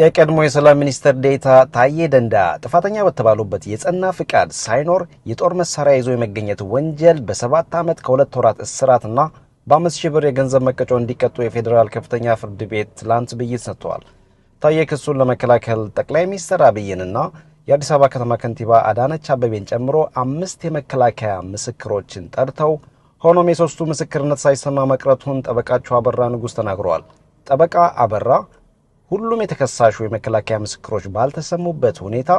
የቀድሞ የሰላም ሚኒስትር ዴታ ታዬ ደንዳ ጥፋተኛ በተባሉበት የጸና ፍቃድ ሳይኖር የጦር መሳሪያ ይዞ የመገኘት ወንጀል በሰባት ዓመት ከሁለት ወራት እስራትና በአምስት ሺህ ብር የገንዘብ መቀጮ እንዲቀጡ የፌዴራል ከፍተኛ ፍርድ ቤት ትላንት ብይን ሰጥተዋል። ታዬ ክሱን ለመከላከል ጠቅላይ ሚኒስትር አብይንና የአዲስ አበባ ከተማ ከንቲባ አዳነች አበቤን ጨምሮ አምስት የመከላከያ ምስክሮችን ጠርተው፣ ሆኖም የሶስቱ ምስክርነት ሳይሰማ መቅረቱን ጠበቃቸው አበራ ንጉሥ ተናግረዋል። ጠበቃ አበራ ሁሉም የተከሳሹ የመከላከያ ምስክሮች ባልተሰሙበት ሁኔታ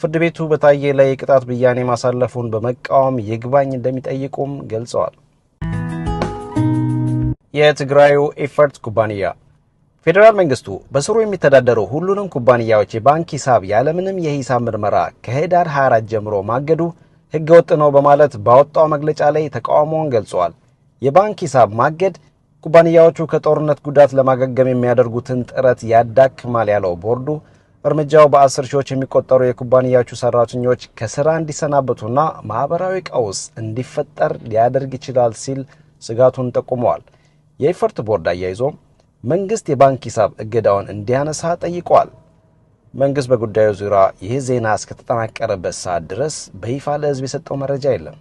ፍርድ ቤቱ በታዬ ላይ የቅጣት ብያኔ ማሳለፉን በመቃወም ይግባኝ እንደሚጠይቁም ገልጸዋል። የትግራዩ ኢፈርት ኩባንያ ፌዴራል መንግስቱ በስሩ የሚተዳደሩ ሁሉንም ኩባንያዎች የባንክ ሂሳብ ያለምንም የሂሳብ ምርመራ ከህዳር 24 ጀምሮ ማገዱ ህገወጥ ነው በማለት ባወጣው መግለጫ ላይ ተቃውሞውን ገልጿል። የባንክ ሂሳብ ማገድ ኩባንያዎቹ ከጦርነት ጉዳት ለማገገም የሚያደርጉትን ጥረት ያዳክማል ያለው ቦርዱ እርምጃው በአስር ሺዎች የሚቆጠሩ የኩባንያዎቹ ሰራተኞች ከስራ እንዲሰናበቱና ማህበራዊ ቀውስ እንዲፈጠር ሊያደርግ ይችላል ሲል ስጋቱን ጠቁመዋል። የኢፈርት ቦርድ አያይዞም መንግስት የባንክ ሂሳብ እገዳውን እንዲያነሳ ጠይቋል። መንግስት በጉዳዩ ዙሪያ ይህ ዜና እስከተጠናቀረበት ሰዓት ድረስ በይፋ ለህዝብ የሰጠው መረጃ የለም።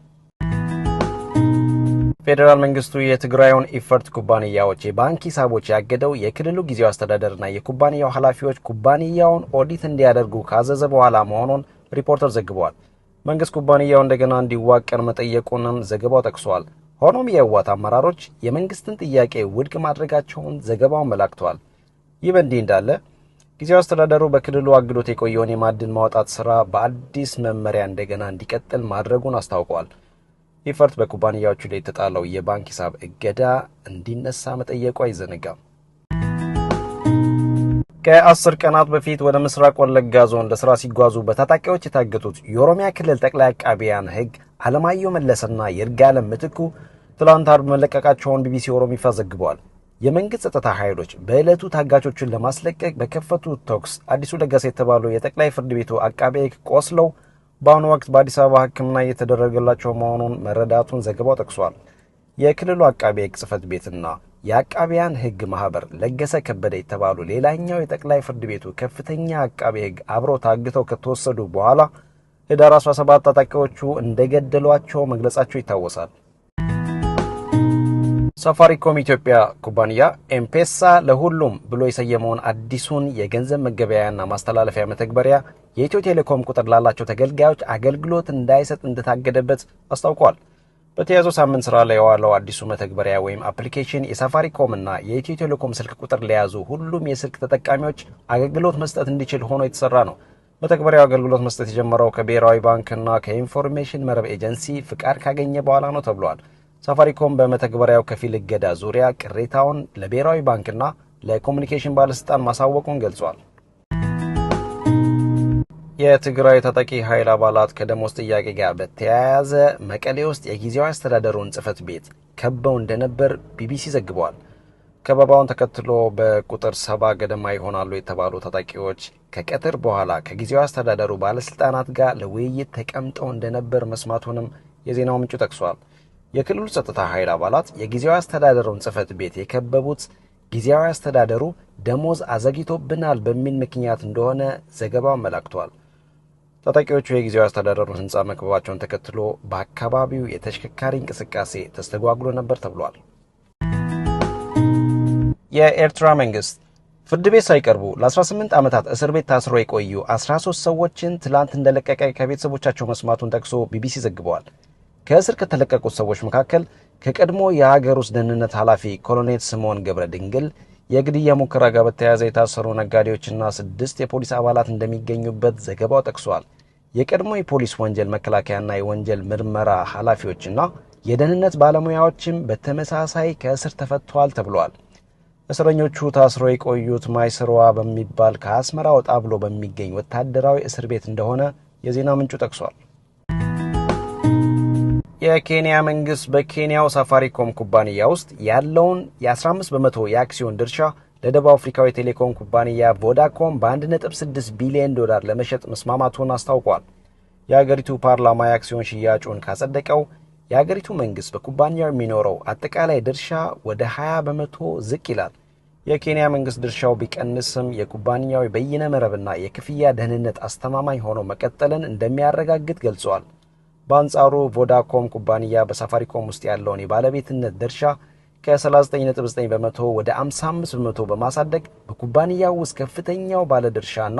ፌዴራል መንግስቱ የትግራዩን ኢፈርት ኩባንያዎች የባንክ ሂሳቦች ያገደው የክልሉ ጊዜያዊ አስተዳደርና የኩባንያው ኃላፊዎች ኩባንያውን ኦዲት እንዲያደርጉ ካዘዘ በኋላ መሆኑን ሪፖርተር ዘግቧል። መንግስት ኩባንያው እንደገና እንዲዋቀር መጠየቁንም ዘገባው ጠቅሷል። ሆኖም የህወሓት አመራሮች የመንግስትን ጥያቄ ውድቅ ማድረጋቸውን ዘገባው መላክቷል። ይህ በእንዲህ እንዳለ ጊዜያዊ አስተዳደሩ በክልሉ አግዶት የቆየውን የማዕድን ማውጣት ስራ በአዲስ መመሪያ እንደገና እንዲቀጥል ማድረጉን አስታውቋል። ኢፈርት በኩባንያዎቹ ላይ የተጣለው የባንክ ሂሳብ እገዳ እንዲነሳ መጠየቁ አይዘነጋም። ከአስር ቀናት በፊት ወደ ምስራቅ ወለጋ ዞን ለስራ ሲጓዙ በታጣቂዎች የታገቱት የኦሮሚያ ክልል ጠቅላይ አቃቢያን ሕግ አለማየሁ መለሰና ይርጋለም ምትኩ ትላንት አርብ መለቀቃቸውን ቢቢሲ ኦሮሚፋ ዘግቧል። የመንግስት ጸጥታ ኃይሎች በዕለቱ ታጋቾቹን ለማስለቀቅ በከፈቱ ተኩስ አዲሱ ለገሰ የተባሉ የጠቅላይ ፍርድ ቤቱ አቃቤ ሕግ ቆስለው በአሁኑ ወቅት በአዲስ አበባ ሕክምና እየተደረገላቸው መሆኑን መረዳቱን ዘገባው ጠቅሷል። የክልሉ አቃቢ ሕግ ጽህፈት ቤትና የአቃቢያን ሕግ ማህበር ለገሰ ከበደ የተባሉ ሌላኛው የጠቅላይ ፍርድ ቤቱ ከፍተኛ አቃቢ ሕግ አብረው ታግተው ከተወሰዱ በኋላ ህዳር 17 ታጣቂዎቹ እንደገደሏቸው መግለጻቸው ይታወሳል። ሳፋሪኮም ኢትዮጵያ ኩባንያ ኤምፔሳ ለሁሉም ብሎ የሰየመውን አዲሱን የገንዘብ መገበያያና ማስተላለፊያ መተግበሪያ የኢትዮ ቴሌኮም ቁጥር ላላቸው ተገልጋዮች አገልግሎት እንዳይሰጥ እንደታገደበት አስታውቋል። በተያዘው ሳምንት ስራ ላይ የዋለው አዲሱ መተግበሪያ ወይም አፕሊኬሽን የሳፋሪኮምና የኢትዮ ቴሌኮም ስልክ ቁጥር ለያዙ ሁሉም የስልክ ተጠቃሚዎች አገልግሎት መስጠት እንዲችል ሆኖ የተሰራ ነው። መተግበሪያው አገልግሎት መስጠት የጀመረው ከብሔራዊ ባንክና ከኢንፎርሜሽን መረብ ኤጀንሲ ፍቃድ ካገኘ በኋላ ነው ተብሏል። ሳፋሪኮም በመተግበሪያው ከፊል እገዳ ዙሪያ ቅሬታውን ለብሔራዊ ባንክና ለኮሚኒኬሽን ባለስልጣን ማሳወቁን ገልጿል። የትግራይ ታጣቂ ኃይል አባላት ከደሞዝ ጥያቄ ጋር በተያያዘ መቀሌ ውስጥ የጊዜያዊ አስተዳደሩን ጽህፈት ቤት ከበው እንደነበር ቢቢሲ ዘግቧል። ከበባውን ተከትሎ በቁጥር ሰባ ገደማ ይሆናሉ የተባሉ ታጣቂዎች ከቀትር በኋላ ከጊዜያዊ አስተዳደሩ ባለስልጣናት ጋር ለውይይት ተቀምጠው እንደነበር መስማቱንም የዜናው ምንጩ ጠቅሷል። የክልሉ ጸጥታ ኃይል አባላት የጊዜያዊ አስተዳደሩን ጽህፈት ቤት የከበቡት ጊዜያዊ አስተዳደሩ ደሞዝ አዘግይቶብናል በሚል ምክንያት እንደሆነ ዘገባው አመላክቷል። ታጣቂዎቹ የጊዜያዊ አስተዳደሩን ህንፃ መክበባቸውን ተከትሎ በአካባቢው የተሽከርካሪ እንቅስቃሴ ተስተጓጉሎ ነበር ተብሏል። የኤርትራ መንግስት ፍርድ ቤት ሳይቀርቡ ለ18 ዓመታት እስር ቤት ታስሮ የቆዩ 13 ሰዎችን ትላንት እንደለቀቀ ከቤተሰቦቻቸው መስማቱን ጠቅሶ ቢቢሲ ዘግበዋል። ከእስር ከተለቀቁት ሰዎች መካከል ከቀድሞ የሀገር ውስጥ ደህንነት ኃላፊ ኮሎኔል ስምዖን ገብረ ድንግል የግድያ ሙከራ ጋር በተያያዘ የታሰሩ ነጋዴዎችና ስድስት የፖሊስ አባላት እንደሚገኙበት ዘገባው ጠቅሷል። የቀድሞ የፖሊስ ወንጀል መከላከያና የወንጀል ምርመራ ኃላፊዎችና የደህንነት ባለሙያዎችም በተመሳሳይ ከእስር ተፈቷል ተብሏል። እስረኞቹ ታስሮ የቆዩት ማይስሮዋ በሚባል ከአስመራ ወጣ ብሎ በሚገኝ ወታደራዊ እስር ቤት እንደሆነ የዜና ምንጩ ጠቅሷል። የኬንያ መንግሥት በኬንያው ሳፋሪኮም ኩባንያ ውስጥ ያለውን የ15 በመቶ የአክሲዮን ድርሻ ለደቡብ አፍሪካዊ ቴሌኮም ኩባንያ ቮዳኮም በ1.6 ቢሊዮን ዶላር ለመሸጥ መስማማቱን አስታውቋል። የአገሪቱ ፓርላማ የአክሲዮን ሽያጩን ካጸደቀው የአገሪቱ መንግሥት በኩባንያው የሚኖረው አጠቃላይ ድርሻ ወደ 20 በመቶ ዝቅ ይላል። የኬንያ መንግስት ድርሻው ቢቀንስም የኩባንያው በይነ መረብና የክፍያ ደህንነት አስተማማኝ ሆኖ መቀጠልን እንደሚያረጋግጥ ገልጿል። በአንጻሩ ቮዳኮም ኩባንያ በሳፋሪኮም ውስጥ ያለውን የባለቤትነት ድርሻ ከ39.9 በመቶ ወደ 55 በመቶ በማሳደግ በኩባንያው ውስጥ ከፍተኛው ባለድርሻና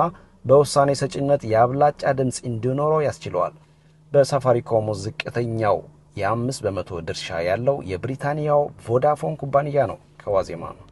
በውሳኔ ሰጭነት የአብላጫ ድምፅ እንዲኖረው ያስችለዋል። በሳፋሪኮም ውስጥ ዝቅተኛው የ5 በመቶ ድርሻ ያለው የብሪታንያው ቮዳፎን ኩባንያ ነው ከዋዜማ ነው።